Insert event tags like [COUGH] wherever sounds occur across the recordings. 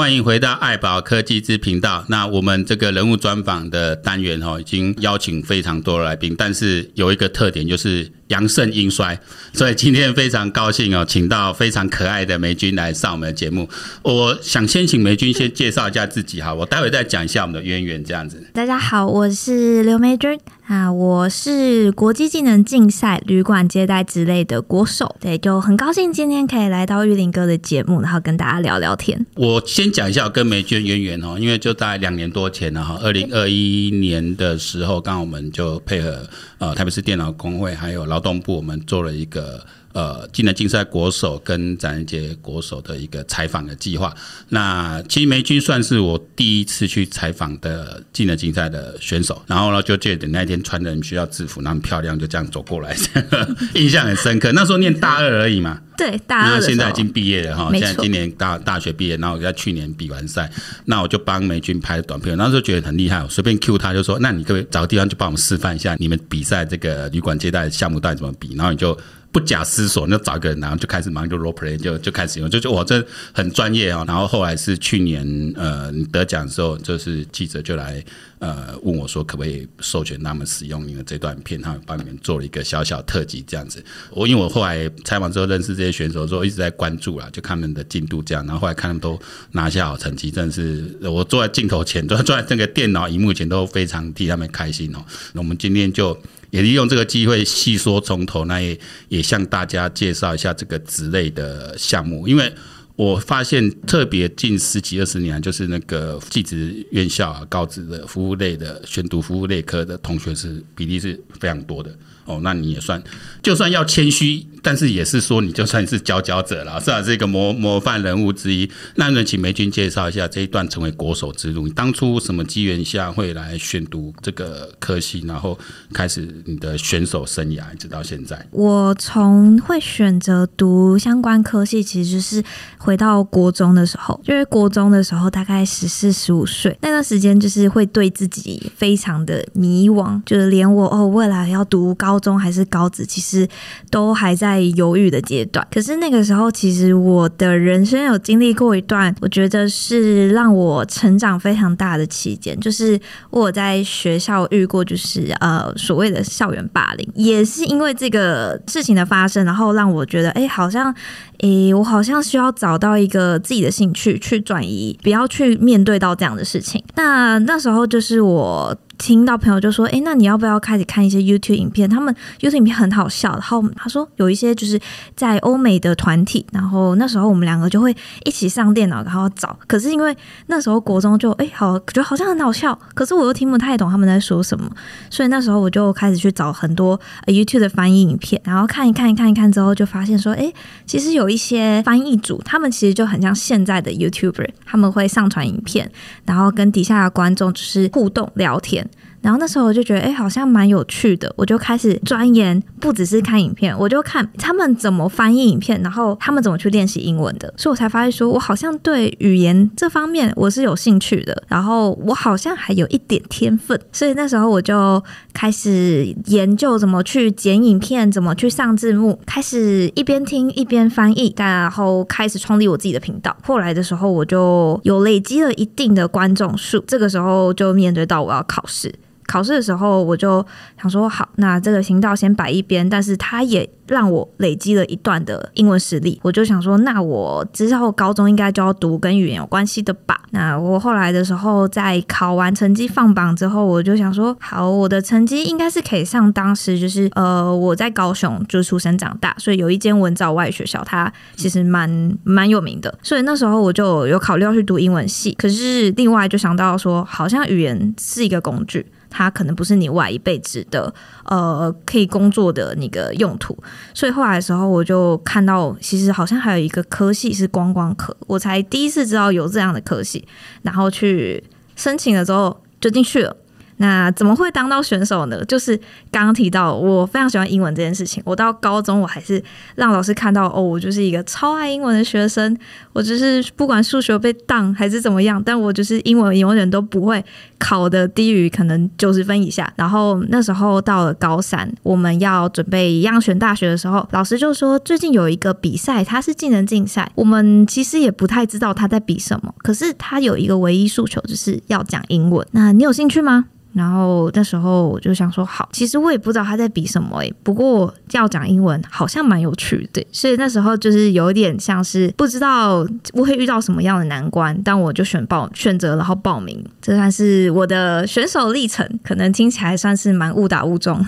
歡迎回到艾葆科技誌頻道。那我們這個人物專訪的單元哦，已經邀請非常多來賓，但是有一個特點就是陽盛陰衰，所以今天非常高興哦，請到非常可愛的玫均來上我們的節目。我想先請玫均先介紹一下自己哈， [LAUGHS] 我待會再講一下我們的淵源這樣子。大家好，我是劉玫均。啊，我是國際技能競賽旅館接待職類的國手，對，就很高興今天可以來到玉林哥的節目，然後跟大家聊聊天。我先講一下我跟玫均淵源哦，因為就在兩年多前呢，哈，二零二一年的時候，剛好我們就配合呃台北市電腦工會還有勞動部，我們做了一個呃技能競賽國手跟展能節國手的一個採訪的計劃。那其實玫均算是我第一次去採訪的技能競賽的選手，然後呢，就接著那天。穿着你需要制服，那麼漂亮就這樣走過來， [LAUGHS] [LAUGHS] 印象很深刻。那時候念大二而已嘛，對大二。那現在已經畢業了哈，現在今年大大學畢業，然後我在去年比完賽，沒錯 那我就幫玫均拍短片，那時候覺得很厲害，我隨便 Q 他，就說：“那你可不可以找個地方，就幫我們示範一下你們比賽這個旅館接待項目到底怎麼比。”然後你就。不假思索，那找個人，然後就開始忙，就 role play 就就開始用，就是我這很專業哦。然後後來是去年呃，你得獎的時候，就是記者就來呃，問我說可不可以授權他們使用你的這段片，他們幫你們做了一個小小特輯這樣子。我因為我後來採訪之後認識這些選手之後，一直在關注了，就看他們的進度這樣。然後後來看他們都拿下好成績，真的是我坐在鏡頭前，坐在這個電腦熒幕前都非常替他們開心哦。那我們今天就。也利用這個機會細說從頭，那也也向大家介紹一下這個職類的項目。因為我發現特別近十幾二十年，就是那個技職院校、啊、高職的服務類的、選讀服務類科的同學是比例是非常多的。哦，那你也算，就算要謙虛。但是也是說，你就算是佼佼者了，是吧？這個模模範人物之一。那能請玫均介紹一下這一段成為國手之路，你當初什麼機緣下會來選讀這個科系，然後開始你的選手生涯，直到現在？我從會選擇讀相關科系，其實就是回到國中的時候，因為國中的時候大概十四、十五歲那段、個、時間，就是會對自己非常的迷惘，就是連我哦，未來要讀高中還是高職，其實都還在。猶豫的階段，可是那個時候，其實我的人生有經歷過一段，我覺得是讓我成長非常大的期間，就是我在學校遇過，就是呃所謂的校園霸凌，也是因為這個事情的發生，然後讓我覺得，欸，好像，欸，我好像需要找到一個自己的興趣去轉移，不要去面對到這樣的事情。那那時候就是我。聽到朋友就說：“哎，那你要不要開始看一些 YouTube 影片？他們 YouTube 影片很好笑。”然後他說有一些就是在歐美的團體，然後那時候我們兩個就會一起上電腦，然後找。可是因為那時候國中就哎好覺得好像很好笑，可是我又聽不太懂他們在說什麼，所以那時候我就開始去找很多呃 YouTube 的翻譯影片，然後看一看一看一看之後，就發現說：“哎，其實有一些翻譯組，他們其實就很像現在的 YouTuber，他們會上傳影片，然後跟底下的觀眾就是互動聊天。”然後那時候我就覺得，哎，好像蠻有趣的，我就開始鑽研，不只是看影片，我就看他們怎麼翻譯影片，然後他們怎麼去練習英文的，所以我才發現說，我好像對語言這方面我是有興趣的，然後我好像還有一點天分，所以那時候我就開始研究怎麼去剪影片，怎麼去上字幕，開始一邊聽一邊翻譯，但然後開始創立我自己的頻道。後來的時候我就有累積了一定的觀眾數，這個時候就面對到我要考試。考試的時候，我就想說好，那這個行道先擺一邊。但是它也讓我累積了一段的英文實力。我就想說，那我之後高中應該就要讀跟語言有關係的吧？那我後來的時候，在考完成績放榜之後，我就想說，好，我的成績應該是可以上當時就是呃，我在高雄，就是出生長大，所以有一間文藻外語學校，它其實蠻蠻有名的。所以那時候我就有考慮要去讀英文系。可是另外就想到說，好像語言是一個工具。它可能不是你外一輩子的，呃，可以工作的那個用途。所以後來的時候，我就看到，其實好像還有一個科系是觀光科，我才第一次知道有這樣的科系。然後去申請了之後就進去了。那怎麼會當到選手呢？就是剛剛提到，我非常喜歡英文這件事情。我到高中我還是讓老師看到哦，我就是一個超愛英文的學生。我就是不管數學被當還是怎麼樣，但我就是英文永遠都不會考得低於可能九十分以下。然後那時候到了高三，我們要準備一樣選大學的時候，老師就說最近有一個比賽，它是技能競賽。我們其實也不太知道它在比什麼，可是它有一個唯一訴求就是要講英文。那你有興趣嗎？然後那時候我就想說好，其實我也不知道他在比什麼哎、欸，不過要講英文好像蠻有趣的，所以那時候就是有一點像是不知道我會遇到什麼樣的難關，但我就選報選擇，然後報名，這算是我的選手歷程，可能聽起來算是蠻誤打誤撞。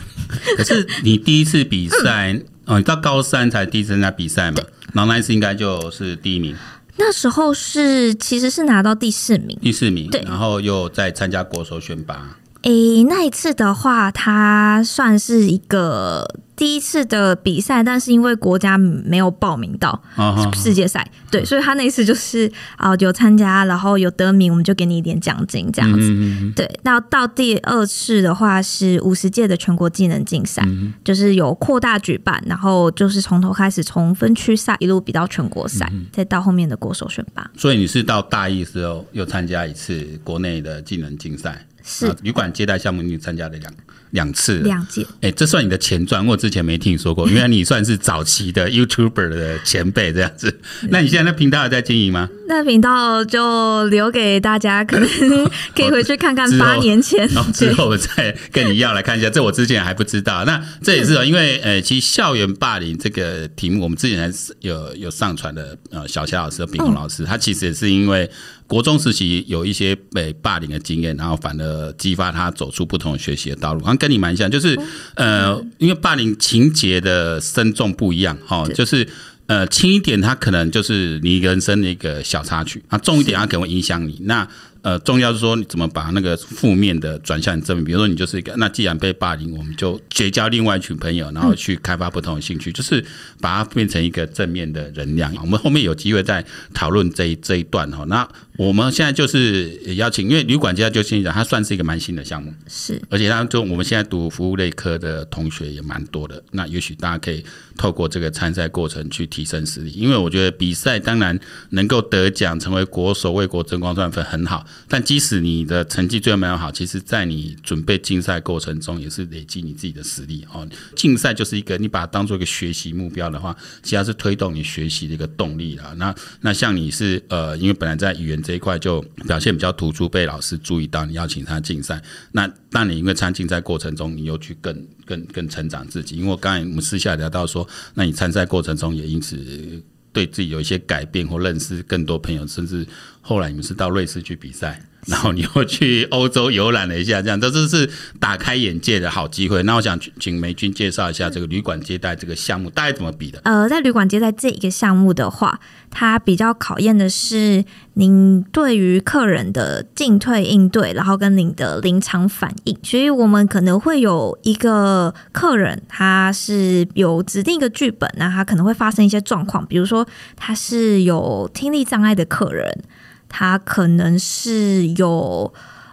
可是你第一次比賽、 [LAUGHS] 嗯、哦，你到高三才第一次參加比賽嘛，對然後那一次應該就是第一名。那時候是其實是拿到第四名，第四名對，然後又再參加國手選拔。誒，那一次的話，他算是一個第一次的比賽，但是因為國家沒有報名到世界賽，oh, oh, oh. 對，所以他那一次就是啊、呃、有參加，然後有得名，我們就給你一點獎金這樣子。Mm hmm. 對，那到第二次的話是五十屆的全國技能競賽，mm hmm. 就是有擴大舉辦，然後就是從頭開始，從分區賽一路比到全國賽，mm hmm. 再到後面的國手選拔。所以你是到大一的時候又參加一次國內的技能競賽。是旅館接待項目，你參加了兩兩次，兩屆件。哎、欸，這算，你的前傳，我之前沒聽你說過。原來你算是早期的 YouTuber 的前輩這樣子。 [LAUGHS] 是那你現在那頻道還在經營嗎？那頻道就留給大家，可能可以回去看看八年前。哦、之後，對、哦、之後再跟你要來看一下，這我之前還不知道。那這也是， [LAUGHS] 是因為，呃，其實校園霸凌這個題目，我們之前還是有有上傳的，呃，小霞老師和秉宏老師，嗯、他其實也是因為。國中時期有一些被霸凌的經驗，然後反而激發他走出不同的學習的道路。然後跟你蠻像，就是呃，因為霸凌情節的深重不一樣，哈，對 就是呃，輕一點，他可能就是你人生的一個小插曲；啊，重一點，他可能會影響你。是的 那呃，重要是說你怎麼把那個負面的轉向正面。比如說，你就是一個，那既然被霸凌，我們就結交另外一群朋友，然後去開發不同的興趣，嗯、就是把它變成一個正面的能量。嗯、我們後面有機會再討論這一這一段哦。那我們現在就是也邀請，因為旅館家就先講，它算是一個蠻新的項目，是，而且它就我們現在讀服務類科的同學也蠻多的。那也許大家可以透過這個參賽過程去提升實力，因為我覺得比賽當然能夠得獎，成為國手為國爭光賺粉很好。但即使你的成績最後沒有好，其實，在你準備競賽過程中，也是累積你自己的實力哦。競賽就是一個，你把它當做一個學習目標的話，其實是推動你學習的一個動力了。那那像你是呃，因為本來在語言這一塊就表現比較突出，被老師注意到，你邀請他競賽。那那你因為參競賽過程中，你又去更更更成長自己。因為我剛才我們私下聊到說，那你參賽過程中也因此。對自己有一些改變或認識更多朋友，甚至後來你們是到瑞士去比賽。然後你又去歐洲遊覽了一下這，這樣這都是大開眼界的好機會。那我想請請玫均介紹一下這個旅館接待這個項目，大概怎麼比的？呃，在旅館接待這一個項目的話，它比較考驗的是您對於客人的進退應對，然後跟您的臨場反應。所以我們可能會有一個客人，他是有指定一個劇本，那他可能會發生一些狀況，比如說他是有聽力障礙的客人。他可能是有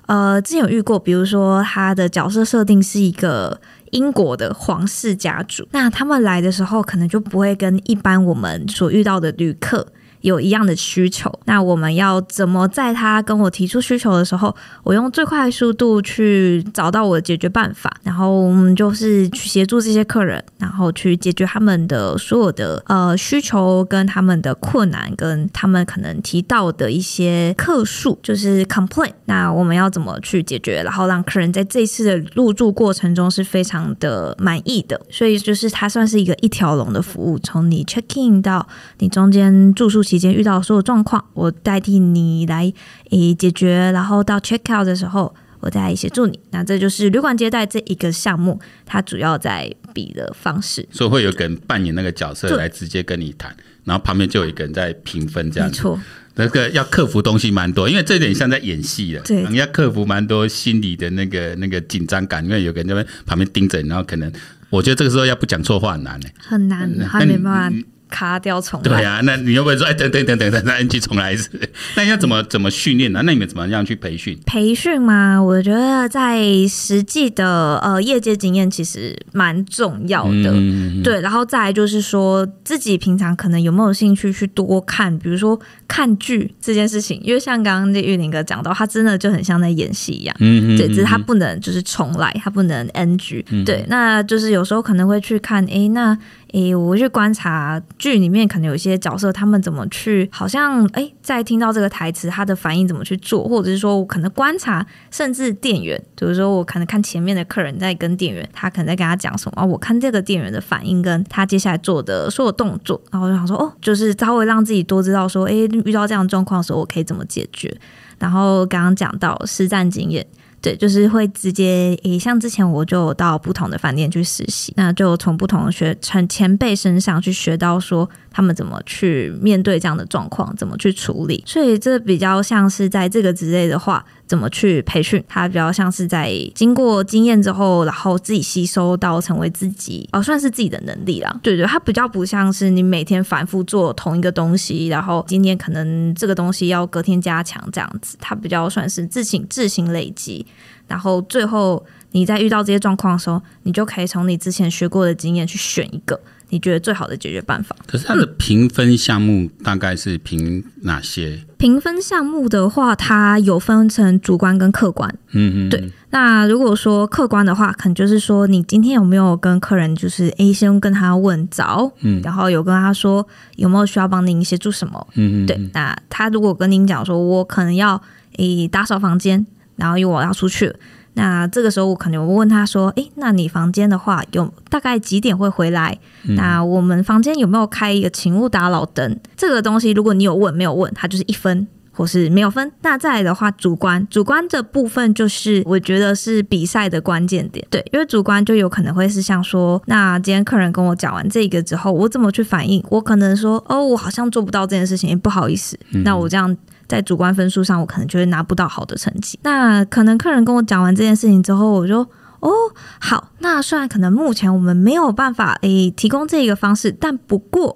呃，之前有遇過，比如說他的角色設定是一個英國的皇室家族，那他們來的時候，可能就不會跟一般我們所遇到的旅客。有一樣的需求，那我們要怎麼在他跟我提出需求的時候，我用最快的速度去找到我的解決辦法，然後我們就是去協助這些客人，然後去解決他們的所有的呃需求跟他們的困難，跟他們可能提到的一些客訴，就是 complaint。那我們要怎麼去解決，然後讓客人在這次的入住過程中是非常的滿意的？所以就是它算是一個一條龍的服務，從你 check in 到你中間住宿期以前遇到所有狀況，我代替你來誒解決，然後到 check out 的時候，我再協助你。那這就是旅館接待這一個項目，它主要在比的方式。所以會有個人扮演那個角色來直接跟你談，就然後旁邊就有一個人在評分。這樣子沒錯錯，那個要克服東西蠻多，因為這點像在演戲了、嗯，對，你要克服蠻多心理的那個那個緊張感，因為有個人在旁邊盯着你，然後可能我覺得這個時候要不講錯話很難、欸，很難，嗯、還沒辦法。嗯嗯卡掉重來？對呀、啊，那你又不會說？哎、欸，等等等等等，那 NG 重來一次、啊？那你要怎麼怎麼訓練呢？那你們怎麼樣去培訓？培訓嘛，我覺得在實際的呃業界經驗其實蠻重要的，嗯、哼對。然後再來就是說，自己平常可能有沒有興趣去多看，比如說看劇這件事情，因為像剛剛玉林哥講到，他真的就很像在演戲一樣，嗯嗯哼。對，只是他不能就是重來，他不能 NG、嗯哼。對，那就是有時候可能會去看，哎、欸，那。誒，我去觀察劇裡面可能有一些角色，他們怎麼去，好像誒，在聽到這個台詞，他的反應怎麼去做，或者是說我可能觀察，甚至店員，比如說我可能看前面的客人在跟店員，他可能在跟他講什麼，啊，我看這個店員的反應跟他接下來做的所有動作，然後就想說，哦，就是稍微讓自己多知道說，誒，遇到這樣狀況的時候我可以怎麼解決。然後剛剛講到實戰經驗。對，就是會直接、欸，像之前我就到不同的飯店去實習，那就從不同的學前前輩身上去學到說他們怎麼去面對這樣的狀況，怎麼去處理，所以這比較像是在這個職類的話，怎麼去培訓？它比較像是在經過經驗之後，然後自己吸收到成為自己，哦，算是自己的能力啦。對對，它比較不像是你每天反覆做同一個東西，然後今天可能這個東西要隔天加強這樣子。它比較算是自行自行累積，然後最後你在遇到這些狀況的時候，你就可以從你之前學過的經驗去選一個。你覺得最好的解決辦法？可是它的評分項目大概是評哪些？評、嗯、分項目的話，它有分成主觀跟客觀。嗯嗯哼，對。那如果說客觀的話，可能就是說你今天有沒有跟客人，就是 A、欸、先跟他問早，嗯，然後有跟他說有沒有需要幫您協助什麼？嗯嗯哼，對。那他如果跟您講說，我可能要以、欸、打掃房間，然後因為我要出去。那這個時候，我可能我會問他說，誒、欸，那你房間的話，有大概幾點會回來？嗯、那我們房間有沒有開一個請勿打擾燈？這個東西，如果你有問，沒有問，他就是一分，或是沒有分。那再來的話，主觀主觀的部分，就是我覺得是比賽的關鍵點。對，因為主觀就有可能會是像說，那今天客人跟我講完這個之後，我怎麼去反應？我可能說，哦，我好像做不到這件事情，欸、不好意思，嗯、那我這樣。在主觀分數上，我可能覺得拿不到好的成績。那可能客人跟我講完這件事情之後，我就哦好，那雖然可能目前我們沒有辦法誒、欸、提供這一個方式，但不過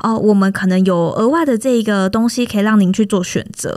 哦、呃，我們可能有額外的這一個東西可以讓您去做選擇。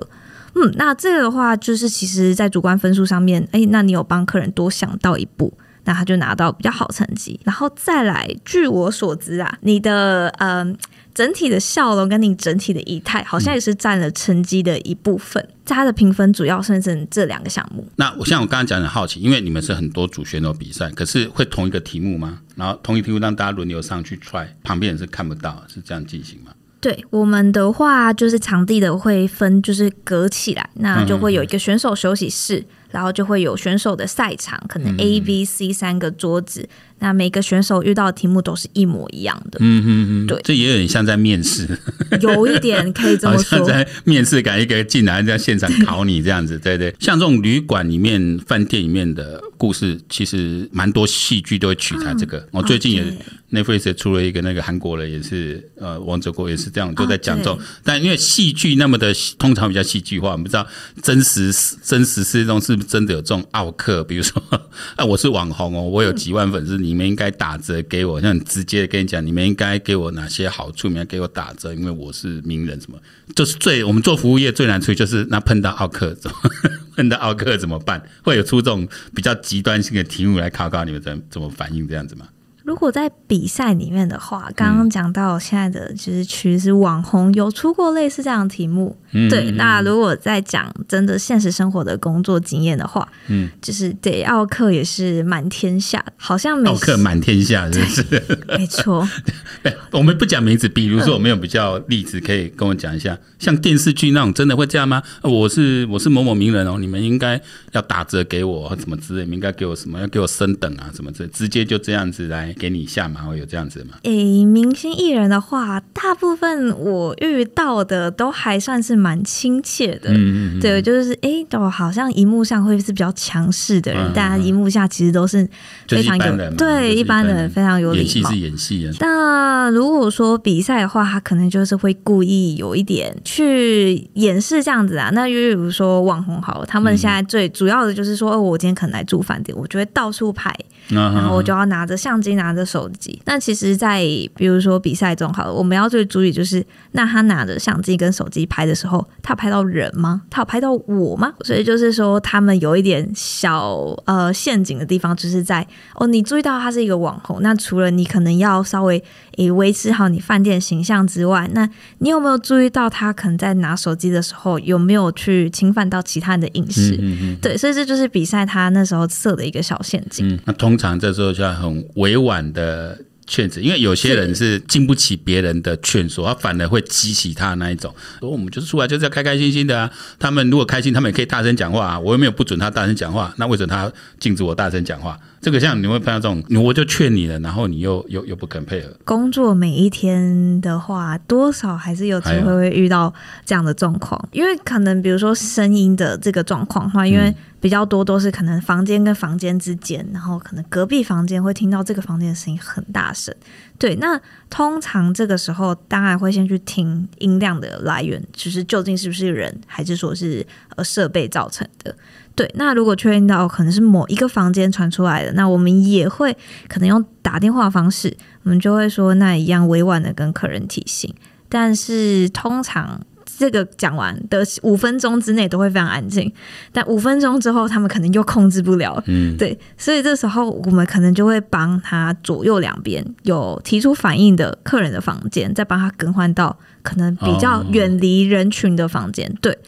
嗯，那這個的話，就是其實在主觀分數上面，誒、欸，那你有幫客人多想到一步，那他就拿到比較好成績。然後再來，據我所知啊，你的嗯。呃整體的笑容跟你整體的儀態，好像也是佔了成績的一部分。嗯、他的評分主要分成這兩個項目。那我像我剛剛講，很好奇，因為你們是很多組選手比賽，可是會同一個題目嗎？然後同一個題目讓大家輪流上去 try，旁邊人是看不到，是這樣進行嗎？對，我們的話，就是場地的會分就是隔起來，那就會有一個選手休息室，嗯嗯嗯，然後就會有選手的賽場，可能 A、B、C 三個桌子。嗯嗯那每個選手遇到的題目都是一模一樣的，嗯嗯嗯。對，這也有點像在面試， [LAUGHS] 有一點可以這麼說，好像在面試，感覺進來在現場考你這樣子，對對，對對，像這種旅館裡面、飯 [LAUGHS] 店裡面的。故事其實蠻多戲劇都會取材這個。我最近也 Netflix 出了一個那個韓國人也是，呃，王哲國也是這樣就在講這種。但因為戲劇那麼的通常比較戲劇化，我們不知道，真實真實之中是不是真的有這種奧客？比如說，啊，我是網紅哦，我有幾萬粉絲，你們應該打折給我，那很直接的跟你講，你們應該給我哪些好處？你們要給我打折，因為我是名人，什麼就是最我們做服務業最難處就是那碰到奧客。 [LAUGHS] 問到奧克怎麼辦？會有出這種比較極端性的題目來考考你們怎怎麼反應這樣子嗎？如果在比賽裡面的話，剛剛講到現在的就是其實網紅有出過類似這樣的題目，嗯嗯嗯對。那如果在講真的現實生活的工作經驗的話，嗯，就是得奧克也是滿天下，好像沒有，奧克滿天下是不是？對，沒錯、 [LAUGHS] 欸。我們不講名字，比如說我們有比較例子、嗯、可以跟我講一下？像電視劇那種真的會這樣嗎？我是我是某某名人哦，你們應該要打折給我，怎麼之類？你們應該給我什麼？要給我升等啊，怎麼之類，直接就這樣子來？給你下馬，會有這樣子嗎？哎、欸，明星藝人的話，大部分我遇到的都還算是蠻親切的。嗯,嗯嗯，對，就是哎，我、欸、好像熒幕上會是比較強勢的人，嗯嗯嗯但熒幕下其實都是非常有人。對一般人非常有禮貌。演戲是演戲、啊。那如果說比賽的話，他可能就是會故意有一點去演示這樣子啊。那例如說網紅，好，他們現在最主要的就是說，哦、嗯欸，我今天可能來住飯店，我就會到處拍。然後我就要拿着相機，拿着手機。那其實在，在比如說比賽中好，我們要注意注意就是，那他拿着相機跟手機拍的時候，他拍到人嗎？他有拍到我嗎？所以就是說，他們有一點小呃陷阱的地方，就是在哦，你注意到他是一個網紅，那除了你可能要稍微以維持好你飯店形象之外，那你有沒有注意到他可能在拿手機的時候有沒有去侵犯到其他人的隱私？嗯嗯嗯對，所以這就是比賽他那時候設的一個小陷阱。嗯那同通常這時候就要很委婉的勸止，因為有些人是經不起別人的勸說，他反而會激起他那一種。我們就是出來就是要開開心心的啊！他們如果開心，他們也可以大聲講話啊！我又沒有不准他大聲講話？那為什麼他禁止我大聲講話？這個像你會碰到這種，我就勸你了，然後你又又又不肯配合。工作每一天的話，多少還是有機會會遇到這樣的狀況。哎喲、因為可能比如說聲音的這個狀況的話，因為比較多都是可能房間跟房間之間，嗯、然後可能隔壁房間會聽到這個房間的聲音很大聲。對，那通常這個時候當然會先去聽音量的來源，其實、究竟是不是人，還是說是呃設備造成的。對，那如果確認到可能是某一個房間傳出來的，那我們也會可能用打電話的方式，我們就會說那一樣委婉的跟客人提醒。但是通常這個講完的五分鐘之內都會非常安靜，但五分鐘之後他們可能又控制不了。嗯、對，所以這時候我們可能就會幫他左右兩邊有提出反應的客人的房間，再幫他更換到可能比較遠離人群的房間。哦、對。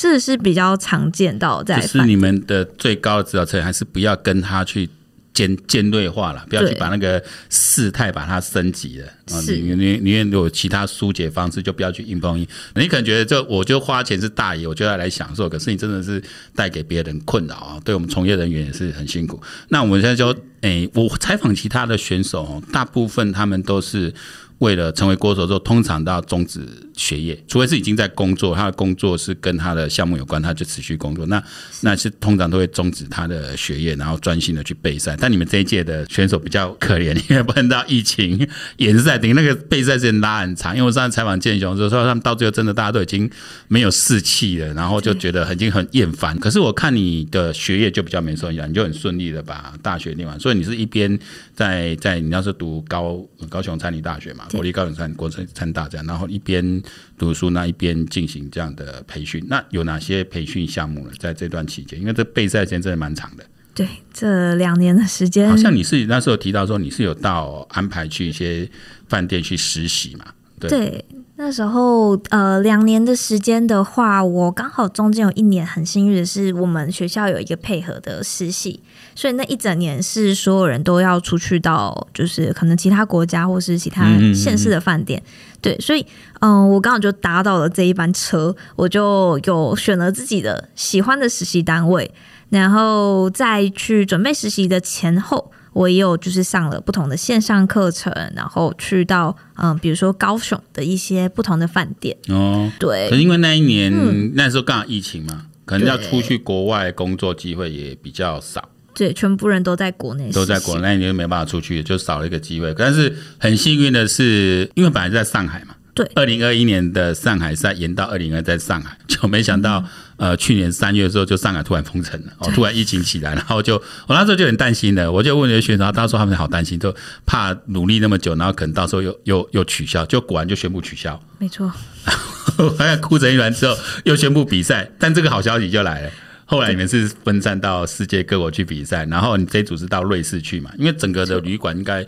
這是比較常見到在，是你們的最高的指導策還是不要跟他去尖尖銳化了，不要去把那個事態把它升級了。對啊、你是你你有其他疏解方式，就不要去硬碰硬。你可能覺得我就花錢是大爺，我就要來享受，可是你真的是帶給別人困擾啊、哦，對我們從業人員也是很辛苦。嗯、那我們現在就哎我採訪其他的選手、哦，大部分他們都是為了成為國手之後，通常都要終止，學業，除非是已經在工作，他的工作是跟他的項目有關，他就持續工作。那那是通常都會終止他的學業，然後專心的去備賽。但你們這一屆的選手比較可憐，因為碰到疫情，也是在等那個備賽時間拉很長。因為我上次採訪建雄，就說他們到最後真的大家都已經沒有士氣了，然後就覺得已經很厭煩。嗯、可是我看你的學業就比較沒受影響，你就很順利的把大學念完，所以你是一邊在在你要是讀高高雄餐旅大學嘛，國立高雄餐，國餐大這樣，然後一邊。讀書那一邊進行這樣的培訓，那有哪些培訓項目呢？在這段期間，因為這備賽時間真的蠻長的。對，這兩年的時間，好像你是那時候提到說你是有到安排去一些飯店去實習嘛？對，對那時候呃，兩年的時間的話，我剛好中間有一年很幸運的是，我們學校有一個配合的實習，所以那一整年是所有人都要出去到，就是可能其他國家或是其他縣市的飯店。嗯嗯嗯對，所以嗯，我剛好就搭到了這一班車，我就有選了自己的喜歡的實習單位，然後再去準備實習的前後，我也有就是上了不同的線上課程，然後去到嗯，比如說高雄的一些不同的飯店哦，對。可是因為那一年、嗯、那時候剛好疫情嘛，可能要出去國外工作機會也比較少。對，全部人都在國內，都在國內，你就沒辦法出去，就少了一個機會。但是很幸運的是，因為本來在上海嘛，對，二零二一年的上海賽延到二零二在上海，就沒想到，嗯、呃，去年三月的時候，就上海突然封城了對、哦，突然疫情起來，然後就我那時候就很擔心了，我就問選手，然後他說他們好擔心，就怕努力那麼久，然後可能到時候又又又取消，就果然就宣布取消，沒錯錯。然後 [LAUGHS] 哭成一團之後，又宣布比賽， [LAUGHS] 但這個好消息就來了。後來你們是分散到世界各國去比賽，然後你這組是到瑞士去嘛？因為整個的旅館應該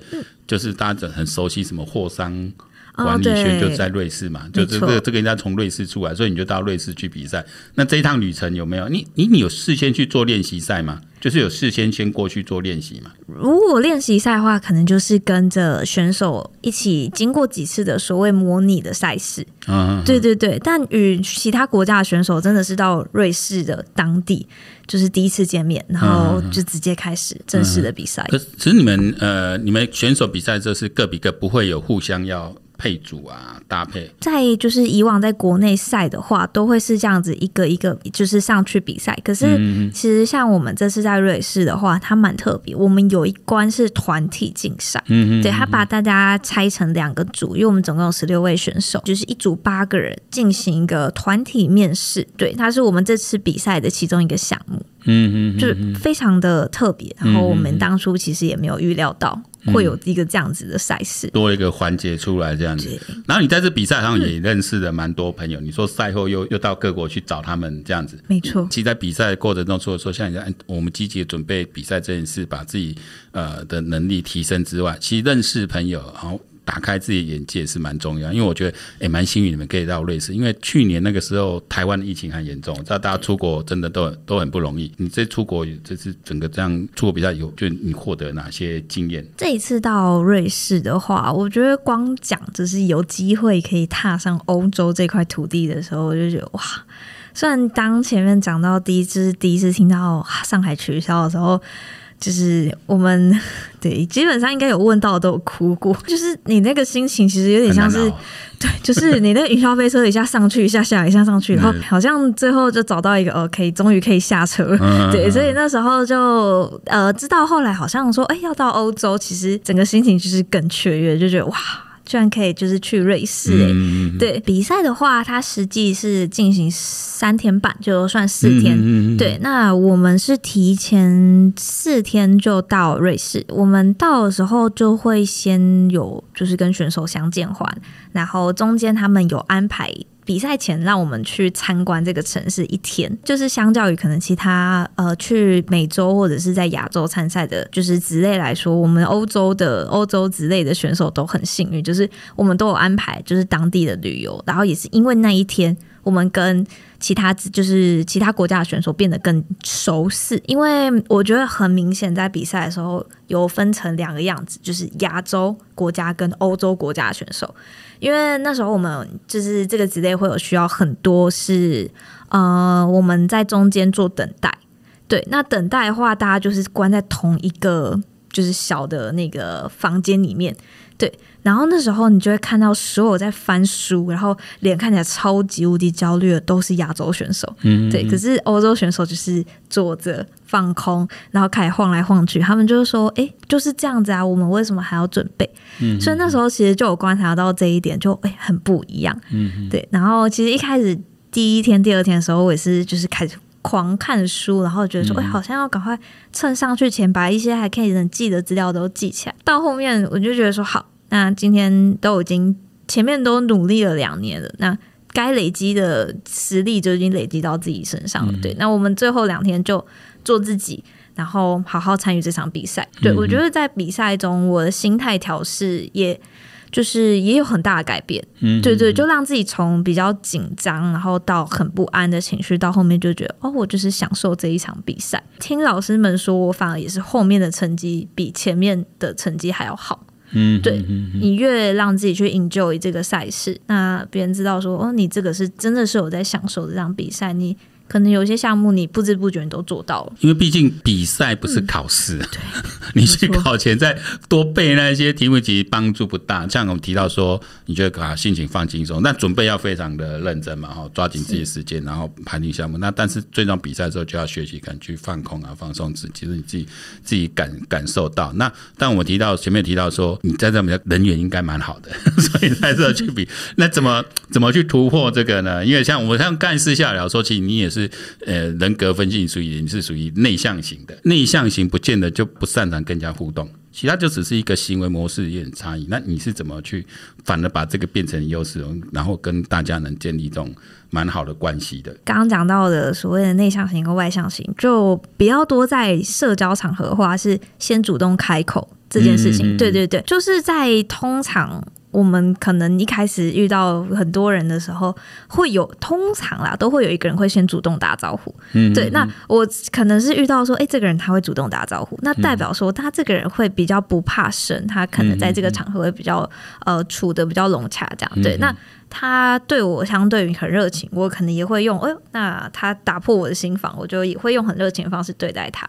就是大家很熟悉什麼貨商。管理圈就在瑞士嘛，哦，就這個沒錯 這個應該從瑞士出來，所以你就到瑞士去比賽。那這一趟旅程有沒有你你你有事先去做練習賽嗎？就是有事先先過去做練習嗎如果練習賽的話，可能就是跟着選手一起經過幾次的所謂模擬的賽事。啊、嗯，嗯嗯、對對對。但與其他國家的選手真的是到瑞士的當地，就是第一次見面，然後就直接開始正式的比賽，嗯嗯嗯嗯嗯。可是你們呃，你們選手比賽就是各比各，不會有互相要配組啊，搭配。在就是以往在國內賽的話，都會是這樣子一個一個就是上去比賽。可是其實像我們這次在瑞士的話，它蠻特別。我們有一關是團體競賽，嗯哼嗯哼，對，他把大家拆成兩個組，因為我們總共有十六位選手，就是一組八個人進行一個團體面試。對，它是我們這次比賽的其中一個項目，嗯哼嗯哼嗯哼，就是非常的特別。然後我們當初其實也沒有預料到。會有一個這樣子的賽事、嗯，多一個環節出來這樣子。對然後你在這比賽上也認識了蠻多朋友。嗯、你說賽後又又到各國去找他們這樣子，沒錯。其實，在比賽過程中，除了說像我們積極的準備比賽這件事，把自己呃的能力提升之外，其實認識朋友好。哦打開自己眼界是蠻重要的，因為我覺得也蠻、欸、幸運你們可以到瑞士。因為去年那個時候台灣的疫情很嚴重，大家出國真的都很都很不容易。你這出國這次、就是、整個這樣出國比較有，就你獲得哪些經驗？這一次到瑞士的話，我覺得光講只是有機會可以踏上歐洲這塊土地的時候，我就覺得哇。雖然當前面講到第一次第一次聽到、啊、上海取消的時候。就是我們對，基本上應該有問到都有哭過。就是你那個心情其實有點像是，對，就是你那個雲霄飛車一下上去一下下一下上去， [LAUGHS] 然後好像最後就找到一個 OK，呃，終於可以下車。 [LAUGHS] 對，所以那時候就呃，直到後來好像說誒要到歐洲，其實整個心情就是更雀躍，就覺得哇。居然可以，就是去瑞士哎、欸！嗯、對，比賽的話，它實際是進行三天半，就算四天。嗯、對，那我們是提前四天就到瑞士，我們到的時候就會先有，就是跟選手相見歡，然後中間他們有安排。比賽前讓我們去參觀這個城市一天，就是相較於可能其他呃、去美洲或者是在亞洲參賽的，就是職類來說，我們歐洲的歐洲職類的選手都很幸運，就是我們都有安排就是當地的旅遊，然後也是因為那一天。我們跟其他就是其他國家的選手變得更熟悉，因為我覺得很明顯，在比賽的時候有分成兩個樣子，就是亞洲國家跟歐洲國家的選手。因為那時候我們就是這個職類會有需要很多是呃，我們在中間做等待。對，那等待的話，大家就是關在同一個就是小的那個房間裡面，對。然後那時候你就會看到所有在翻書，然後臉看起來超級無敵焦慮的都是亞洲選手，對。嗯、哼哼。可是歐洲選手就是坐着放空，然後開始晃來晃去。他們就是說：“哎，就是這樣子啊，我們為什麼還要準備？”嗯、哼哼。所以那時候其實就有觀察到這一點，就，哎，很不一樣。嗯、哼。對。然後其實一開始第一天、第二天的時候，我也是就是開始狂看書，然後覺得說：“哎，好像要趕快趁上去前把一些還可以能記的資料都記起來。”到後面我就覺得說：“好。”那今天都已經前面都努力了兩年了，那該累積的實力就已經累積到自己身上了。對，那我們最後兩天就做自己，然後好好參與這場比賽。對，我覺得在比賽中，我的心態調試也就是也有很大的改變。嗯，對對，就讓自己從比較緊張，然後到很不安的情緒，到後面就覺得哦，我就是享受這一場比賽。聽老師們說，我反而也是後面的成績比前面的成績還要好。嗯， [NOISE] 對，你越讓自己去 enjoy 這個賽事，那別人知道說，哦，你這個是真的是有在享受這場比賽，你。可能有些項目你不知不覺你都做到了，因為畢竟比賽不是考試啊，嗯， [LAUGHS] 你去考前再多背那些題目其實幫助不大。像我們提到說，你就把心情放輕鬆，那準備要非常的認真嘛，哈，抓緊自己時間，然後盤點項目。是 那但是最終比賽的時候就要學習，感，去放空啊，放鬆自己。其實你自己自己感感受到。那但我提到前面提到說，你在這，我們人緣應該蠻好的，所以在這去比。 [LAUGHS] 那怎麼怎麼去突破這個呢？因為像我像幹事下了說，其實你也是。呃，人格分析屬於你是屬於內向型的，內向型不見得就不擅長跟人家互動，其他就只是一個行為模式有點差異。那你是怎麼去，反而把這個變成優勢，然後跟大家能建立一種蠻好的關係的？剛剛講到的所謂的內向型和外向型，就比較多在社交場合的話是先主動開口這件事情。嗯、對對對，就是在通常。我們可能一開始遇到很多人的時候，會有通常啦，都會有一個人會先主動打招呼。嗯，嗯，對。那我可能是遇到說，哎、欸，這個人他會主動打招呼，那代表說他這個人會比較不怕生，他可能在這個場合會比較嗯嗯嗯呃處得比較融洽，這樣對那。他對我相對於很熱情，我可能也會用，哎呦，那他打破我的心房，我就也會用很熱情的方式對待他。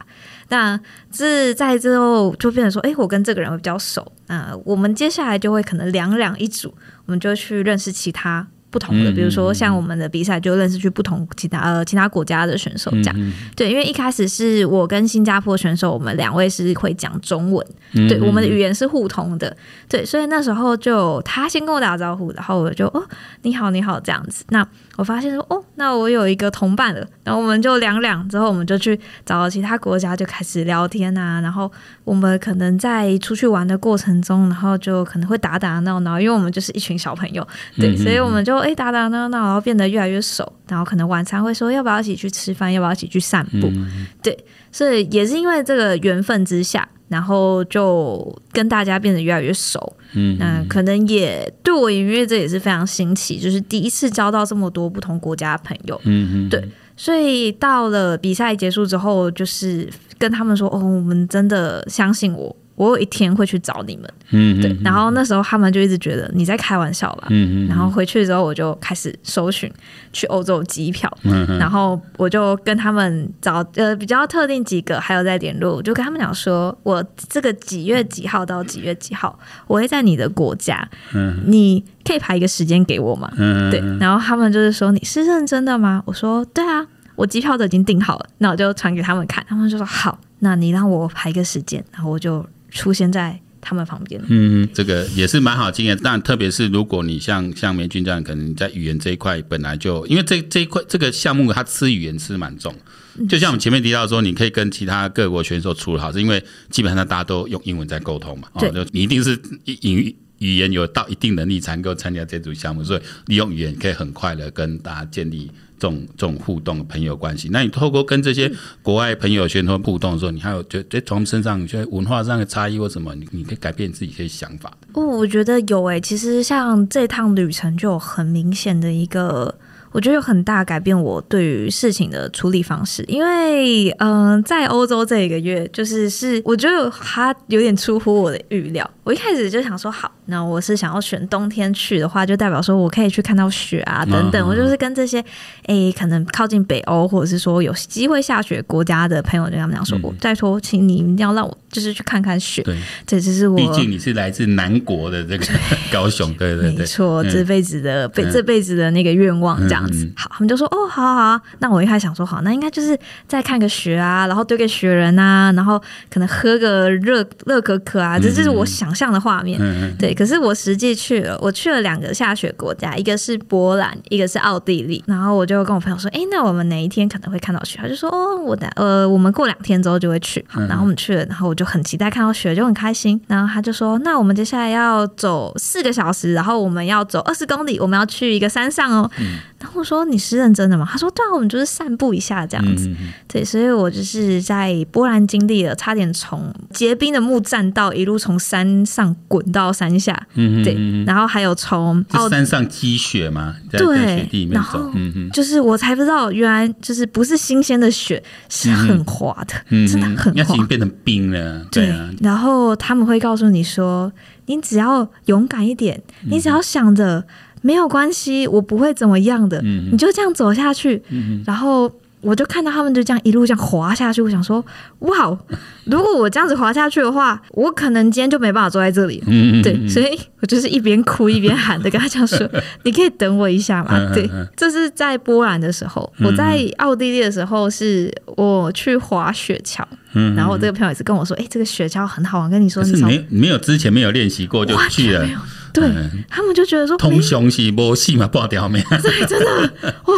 但是在之後就變成說，哎、欸，我跟這個人比較熟，那我們接下來就會可能兩兩一組，我們就去認識其他。不同的，比如說像我們的比賽，就認識去不同其他呃其他國家的選手這樣。嗯嗯、對，因為一開始是我跟新加坡選手，我們兩位是會講中文，嗯嗯、對，我們的語言是互通的。對，所以那時候就他先跟我打招呼，然後我就哦你好你好這樣子。那我發現說哦那我有一個同伴了，然後我們就兩兩之後，我們就去找其他國家就開始聊天啊。然後我們可能在出去玩的過程中，然後就可能會打打鬧鬧，因為我們就是一群小朋友，對，所以我們就。哎，打打鬧鬧，然後變得越來越熟，然後可能晚餐會說要不要一起去吃飯，要不要一起去散步？嗯、哼對，所以也是因為這個緣分之下，然後就跟大家變得越來越熟。嗯哼，那可能也對我因為這也是非常新奇，就是第一次交到這麼多不同國家的朋友。嗯嗯哼，對，所以到了比賽結束之後，就是跟他們說：“哦，我們真的相信我。”我有一天會去找你們，嗯，對，然後那時候他們就一直覺得，你在開玩笑吧，嗯，然後回去之後我就開始搜尋去歐洲機票，嗯，然後我就跟他們找呃比較特定幾個還有在連絡，就跟他們講說，我這個幾月幾號到幾月幾號我會在你的國家，嗯，你可以排一個時間給我嗎？對，然後他們就是說，你是認真的嗎？我說對啊，我機票都已經訂好了，那我就傳給他們看，他們就說好，那你讓我排一個時間，然後我就。出現在他們旁邊，嗯，這個也是蠻好經驗。但特別是如果你像像玫均這樣，可能在語言這一塊本來就，因為這這一塊這個項目它吃語言吃蠻重。就像我們前面提到說，你可以跟其他各國選手處理好，是因為基本上大家都用英文在溝通嘛對、哦，就你一定是語語言有到一定能力，才能夠參加這組項目，所以利用語言可以很快的跟大家建立。這種這種互動的朋友關係，那你透過跟這些國外朋友、宣傳互動的時候，你還有覺得從身上你覺得文化上的差異或什麼，你你可以改變自己的想法。不、哦，我覺得有誒、欸，其實像這趟旅程就有很明顯的一個，我覺得有很大改變我對於事情的處理方式。因為，嗯、呃，在歐洲這一個月，就是是我覺得它有點出乎我的預料。我一開始就想說好。那我是想要選冬天去的話，就代表說我可以去看到雪啊等等。哦嗯、我就是跟這些誒、欸，可能靠近北歐或者是說有機會下雪國家的朋友跟他們講說過。嗯、再說，請你一定要讓我就是去看看雪。對，這只是我。畢竟你是來自南國的這個高雄，對對對，沒錯，嗯、這輩子的輩、嗯、這輩子的那個願望這樣子。嗯嗯、好，他們就說哦，好，好好，那我一開始想說好，那應該就是再看個雪啊，然後堆個雪人啊，然後可能喝個熱熱可可啊，這這是我想象的畫面。嗯嗯嗯、對。可是我實際去了，我去了兩個下雪國家，一個是波蘭，一個是奧地利。然後我就跟我朋友說：“哎、欸，那我們哪一天可能會看到雪？”他就說：“我等呃，我們過兩天之後就會去。好”然後我們去了，然後我就很期待看到雪，就很開心。然後他就說：“那我們接下來要走四個小時，然後我們要走二十公里，我們要去一個山上哦。嗯”然後我說，你是認真的嗎？他說對啊，我們就是散步一下這樣子。嗯、哼對，所以我就是在波蘭經歷了差點從結冰的木棧道一路從山上滾到山下。嗯哼對，然後還有從這、哦、山上積雪嘛，在，對在雪地裡面走然後、嗯、哼就是我才不知道，原來就是不是新鮮的雪是很滑的，嗯、哼真的很滑。已經變成冰了。對啊。然後他們會告訴你說，你只要勇敢一點，嗯、哼你只要想着。沒有關係，我不會怎麼樣的，你就這樣走下去，然後我就看到他們就這樣一路這樣滑下去，我想說，哇，如果我這樣子滑下去的話，我可能今天就沒辦法坐在這裡。對，所以我就是一邊哭一邊喊的跟他講說，你可以等我一下嗎？’對，這是在波蘭的時候。我在奧地利的時候是，我去滑雪橇，然後這個朋友也是跟我說，哎，這個雪橇很好玩，跟你說，你沒沒有之前沒有練習過就去了。對，嗯、他們就覺得說，通常、嗯、沒是無戲嘛，保掉命。對，真的，哇，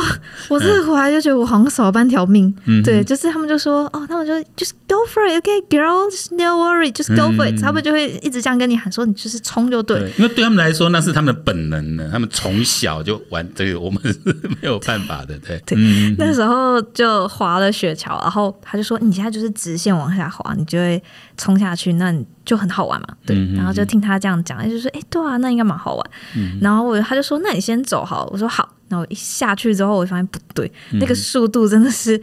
我這個回來就覺得我好像少了半條命。嗯、哼對，就是他們就說，哦，他們就說 just go for it，OK，girl，just、okay? no worry，just go for it。嗯、他們就會一直這樣跟你喊說，你就是衝就對，對。因為對他們來說，那是他們的本能呢，他們從小就玩這個，我們是沒有辦法的。對對、嗯、哼對，那時候就滑了雪橇，然後他就說，你現在就是直線往下滑，你就會衝下去，那你就很好玩嘛。對，嗯、哼然後就聽他這樣講，他就說、是，哎、欸，對啊。那應該蠻好玩，嗯、哼然後我他就說：“那你先走好。”我說：“好。”然後一下去之後，我發現不對，嗯、哼那個速度真的是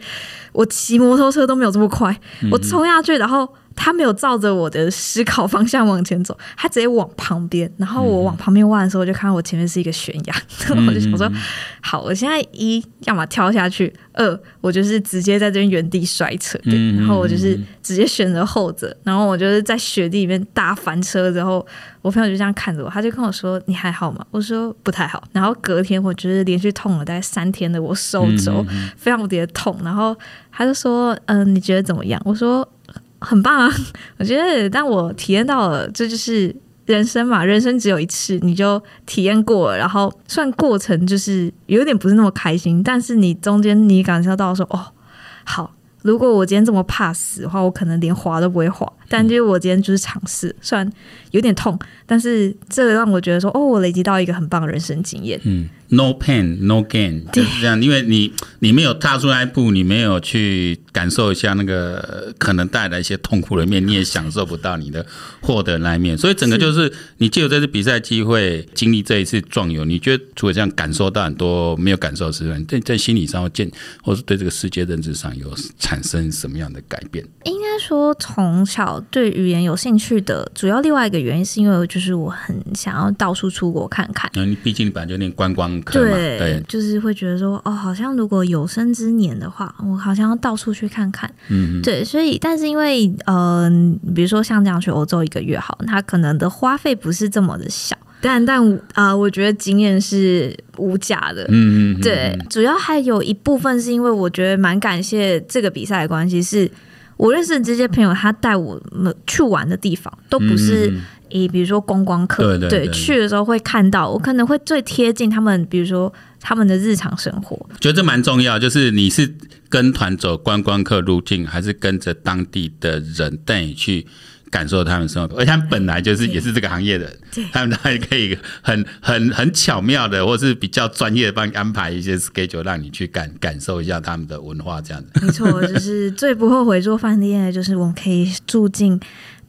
我騎摩托車都沒有這麼快。嗯、哼我衝下去，然後。他沒有照着我的思考方向往前走，他直接往旁邊。然後我往旁邊望的時候，我就看到我前面是一個懸崖。嗯、 [LAUGHS] 然後我就想說，好，我現在一要麼跳下去，二我就是直接在這邊原地摔車。對嗯嗯嗯、然後我就是直接選擇後者。然後我就是在雪地裡面大翻車之後。然後我朋友就這樣看着我，他就跟我說：“你還好嗎？”我說：“不太好。”然後隔天，我就是連續痛了大概三天的我手肘，嗯嗯嗯、非常無敵的痛。然後他就說：“嗯、呃，你覺得怎麼樣？”我說。很棒啊！我覺得，但我體驗到了，這就，就是人生嘛。人生只有一次，你就體驗過了，然後算過程，就是有點不是那麼開心。但是你中間你感受到說，哦，好，如果我今天這麼怕死的話，我可能連滑都不會滑。但就是我今天就是嘗試，雖然有點痛，但是這個讓我覺得說，哦，我累積到一個很棒的人生經驗。嗯。No pain, no gain，對就是這樣。因為你你沒有踏出那一步，你沒有去感受一下那個可能帶來一些痛苦的一面，你也享受不到你的獲得那一面。所以整個就是，是你藉由這次比賽機會，經歷這一次壯遊，你覺得除了這樣感受到很多沒有感受之外，在在心理上或是，或是對這個世界認知上有產生什麼樣的改變？應該說，從小對語言有興趣的主要另外一個原因，是因為就是我很想要到處出國看看。嗯，畢竟你本來就念觀光。對，對就是會覺得說，哦，好像如果有生之年的話，我好像要到處去看看。嗯、哼對，所以但是因為，嗯、呃，比如說像這樣去歐洲一個月，好，他可能的花費不是這麼的小，但但啊、呃，我覺得經驗是無價的。嗯哼對，主要還有一部分是因為我覺得蠻感謝這個比賽的關係是，是我認識這些朋友，他帶我們去玩的地方都不是、嗯。以比如說觀光客，對，對，對，對，去的時候會看到，我可能會最貼近他們，比如說他們的日常生活，覺得這蠻重要。就是你是跟團走觀光客路徑，還是跟着當地的人帶你去感受他們生活？而且他們本來就是也是這個行業的，他們還可以很很很巧妙的，或是比較專業的幫你安排一些 schedule，讓你去感感受一下他們的文化，這樣子。沒錯，就是最不後悔做飯店的，就是我們可以住進。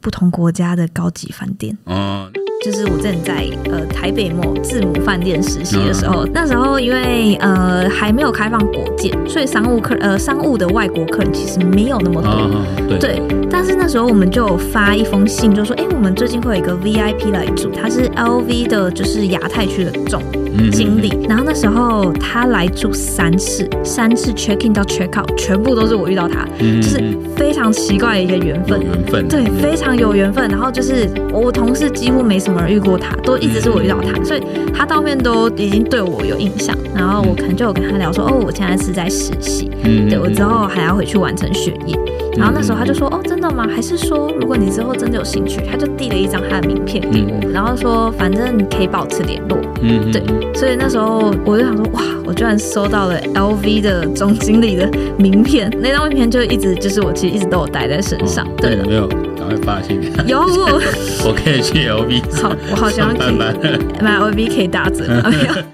不同國家的高級飯店啊，uh, 就是我正在呃台北某字母飯店實習的時候，uh. 那時候因為呃還沒有開放國境，所以商務客呃商務的外國客人其實沒有那麼多，uh-huh, 對。對。但是那時候，我們就有發一封信，就說：“哎、欸，我們最近會有一個 VIP 來住，他是 LV 的，就是亞太區的總經理。嗯嗯、然後那時候他來住三次，三次 check in 到 check out，全部都是我遇到他，嗯、就是非常奇怪的一個緣分。緣分對，非常有緣分。然後就是我同事幾乎沒什麼人遇過他，都一直是我遇到他，嗯、所以他到後面都已經對我有印象。然後我可能就有跟他聊說：哦，我現在是在實習，對我之後還要回去完成學業。”然後那時候他就說：“哦，真的嗎？還是說如果你之後真的有興趣，他就遞了一張他的名片給我，嗯、然後說反正你可以保持聯絡。嗯”嗯，對。所以那時候我就想說：“哇，我居然收到了 LV 的總經理的名片，那張名片就一直就是我其實一直都有帶在身上。哦”對，對了沒有，趕快發信。有我，我可以去 LV 算。算好，我好想買買 LV，可以打折沒有？ [LAUGHS]